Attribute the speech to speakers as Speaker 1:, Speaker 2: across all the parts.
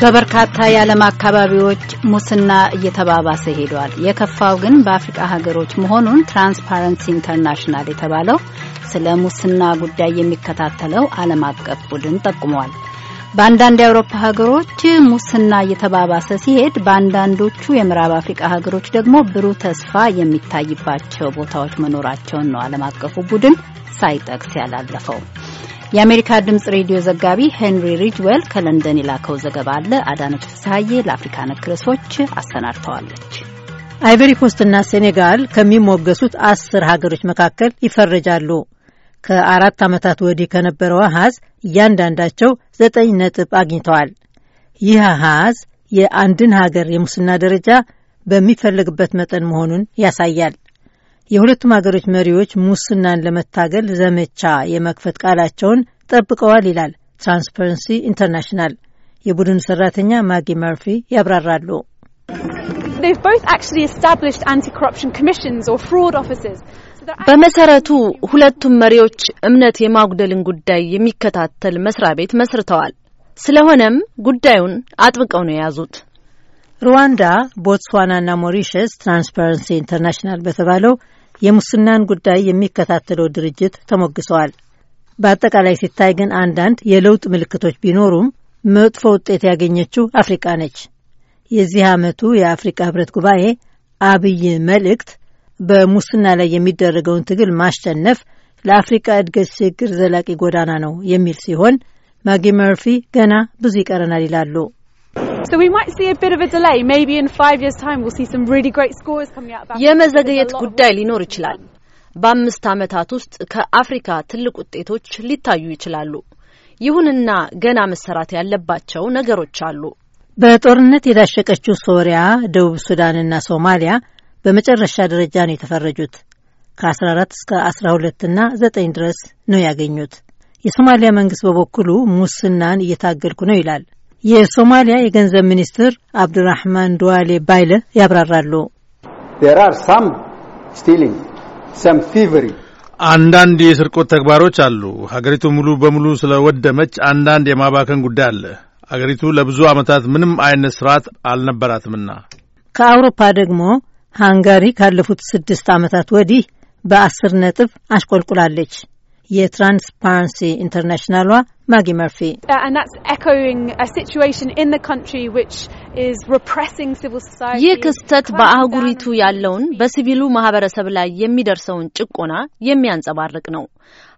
Speaker 1: በበርካታ የዓለም አካባቢዎች ሙስና እየተባባሰ ሄዷል። የከፋው ግን በአፍሪቃ ሀገሮች መሆኑን ትራንስፓረንሲ ኢንተርናሽናል የተባለው ስለ ሙስና ጉዳይ የሚከታተለው ዓለም አቀፍ ቡድን ጠቁሟል። በአንዳንድ የአውሮፓ ሀገሮች ሙስና እየተባባሰ ሲሄድ በአንዳንዶቹ የምዕራብ አፍሪቃ ሀገሮች ደግሞ ብሩህ ተስፋ የሚታይባቸው ቦታዎች መኖራቸውን ነው ዓለም አቀፉ ቡድን ሳይጠቅስ ያላለፈው። የአሜሪካ ድምፅ ሬዲዮ ዘጋቢ ሄንሪ ሪጅዌል ከለንደን የላከው ዘገባ አለ። አዳነች ፍስሐዬ ለአፍሪካ ነክ ርዕሶች አሰናድተዋለች። አይቨሪ ኮስትና ሴኔጋል ከሚሞገሱት አስር ሀገሮች መካከል ይፈረጃሉ። ከአራት ዓመታት ወዲህ ከነበረው አሃዝ እያንዳንዳቸው ዘጠኝ ነጥብ አግኝተዋል። ይህ አሃዝ የአንድን ሀገር የሙስና ደረጃ በሚፈልግበት መጠን መሆኑን ያሳያል። የሁለቱም ሀገሮች መሪዎች ሙስናን ለመታገል ዘመቻ የመክፈት ቃላቸውን ጠብቀዋል ይላል ትራንስፐረንሲ ኢንተርናሽናል። የቡድኑ ሰራተኛ ማጊ መርፊ ያብራራሉ።
Speaker 2: በመሰረቱ ሁለቱም መሪዎች እምነት የማጉደልን ጉዳይ
Speaker 1: የሚከታተል መስሪያ ቤት መስርተዋል። ስለሆነም ጉዳዩን አጥብቀው ነው የያዙት። ሩዋንዳ፣ ቦትስዋናና ሞሪሸስ ትራንስፓረንሲ ኢንተርናሽናል በተባለው የሙስናን ጉዳይ የሚከታተለው ድርጅት ተሞግሰዋል። በአጠቃላይ ሲታይ ግን አንዳንድ የለውጥ ምልክቶች ቢኖሩም መጥፎ ውጤት ያገኘችው አፍሪቃ ነች። የዚህ ዓመቱ የአፍሪቃ ህብረት ጉባኤ አብይ መልእክት በሙስና ላይ የሚደረገውን ትግል ማሸነፍ ለአፍሪቃ እድገት ችግር ዘላቂ ጎዳና ነው የሚል ሲሆን ማጊ መርፊ ገና ብዙ ይቀረናል ይላሉ።
Speaker 2: የመዘግየት ጉዳይ ሊኖር ይችላል። በአምስት ዓመታት ውስጥ ከአፍሪካ ትልቅ ውጤቶች ሊታዩ ይችላሉ። ይሁንና ገና መሰራት ያለባቸው ነገሮች አሉ።
Speaker 1: በጦርነት የዳሸቀችው ሶሪያ፣ ደቡብ ሱዳንና ሶማሊያ በመጨረሻ ደረጃ ነው የተፈረጁት። ከ14 እስከ 12 እና 9 ድረስ ነው ያገኙት። የሶማሊያ መንግስት በበኩሉ ሙስናን እየታገልኩ ነው ይላል። የሶማሊያ የገንዘብ ሚኒስትር አብድራህማን ድዋሌ ባይለ ያብራራሉ። አንዳንድ የስርቆት ተግባሮች አሉ። ሀገሪቱ ሙሉ በሙሉ ስለወደመች አንዳንድ የማባከን ጉዳይ አለ። አገሪቱ ለብዙ ዓመታት ምንም አይነት ስርዓት አልነበራትምና። ከአውሮፓ ደግሞ ሃንጋሪ ካለፉት ስድስት ዓመታት ወዲህ በአስር ነጥብ አሽቆልቁላለች። የትራንስፓረንሲ ኢንተርናሽናሏ ማጊ መርፊ
Speaker 2: uh, ይህ ክስተት በአህጉሪቱ ያለውን በሲቪሉ ማህበረሰብ ላይ የሚደርሰውን ጭቆና የሚያንጸባርቅ ነው።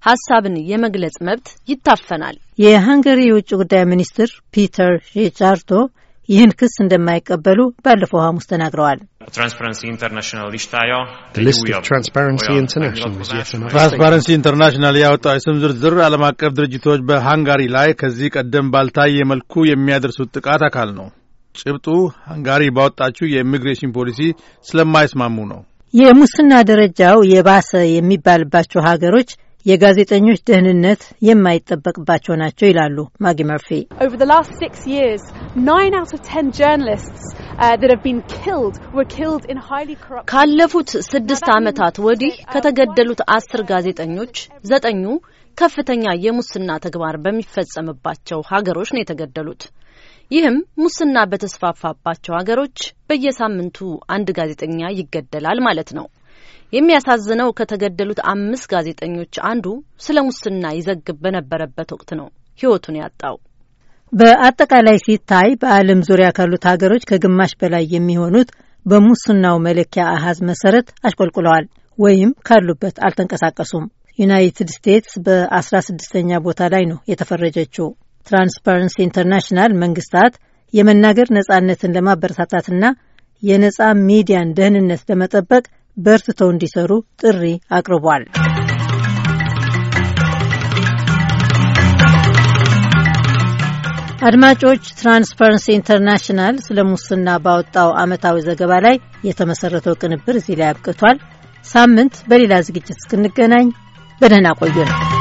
Speaker 2: ሀሳብን የመግለጽ መብት
Speaker 1: ይታፈናል። የሃንገሪ የውጭ ጉዳይ ሚኒስትር ፒተር ሪቻርዶ ይህን ክስ እንደማይቀበሉ ባለፈው ሐሙስ ተናግረዋል። ትራንስፓረንሲ ኢንተርናሽናል ያወጣው የስም ዝርዝር ዓለም አቀፍ ድርጅቶች በሃንጋሪ ላይ ከዚህ ቀደም ባልታየ መልኩ የሚያደርሱት ጥቃት አካል ነው። ጭብጡ ሃንጋሪ ባወጣችው የኢሚግሬሽን ፖሊሲ ስለማይስማሙ ነው። የሙስና ደረጃው የባሰ የሚባልባቸው ሀገሮች የጋዜጠኞች ደህንነት የማይጠበቅባቸው ናቸው ይላሉ ማጊ መርፊ።
Speaker 2: uh, ካለፉት ስድስት ዓመታት ወዲህ uh, ከተገደሉት አስር ጋዜጠኞች ዘጠኙ ከፍተኛ የሙስና ተግባር በሚፈጸምባቸው ሀገሮች ነው የተገደሉት። ይህም ሙስና በተስፋፋባቸው ሀገሮች በየሳምንቱ አንድ ጋዜጠኛ ይገደላል ማለት ነው። የሚያሳዝነው ከተገደሉት አምስት ጋዜጠኞች አንዱ ስለ ሙስና ይዘግብ በነበረበት ወቅት ነው ህይወቱን ያጣው።
Speaker 1: በአጠቃላይ ሲታይ በዓለም ዙሪያ ካሉት ሀገሮች ከግማሽ በላይ የሚሆኑት በሙስናው መለኪያ አሃዝ መሰረት አሽቆልቁለዋል ወይም ካሉበት አልተንቀሳቀሱም። ዩናይትድ ስቴትስ በአስራ ስድስተኛ ቦታ ላይ ነው የተፈረጀችው። ትራንስፓረንሲ ኢንተርናሽናል መንግስታት የመናገር ነጻነትን ለማበረታታትና የነጻ ሚዲያን ደህንነት ለመጠበቅ በርትተው እንዲሰሩ ጥሪ አቅርቧል። አድማጮች፣ ትራንስፓረንሲ ኢንተርናሽናል ስለ ሙስና ባወጣው ዓመታዊ ዘገባ ላይ የተመሰረተው ቅንብር እዚህ ላይ አብቅቷል። ሳምንት በሌላ ዝግጅት እስክንገናኝ በደህና ቆዩ ነው።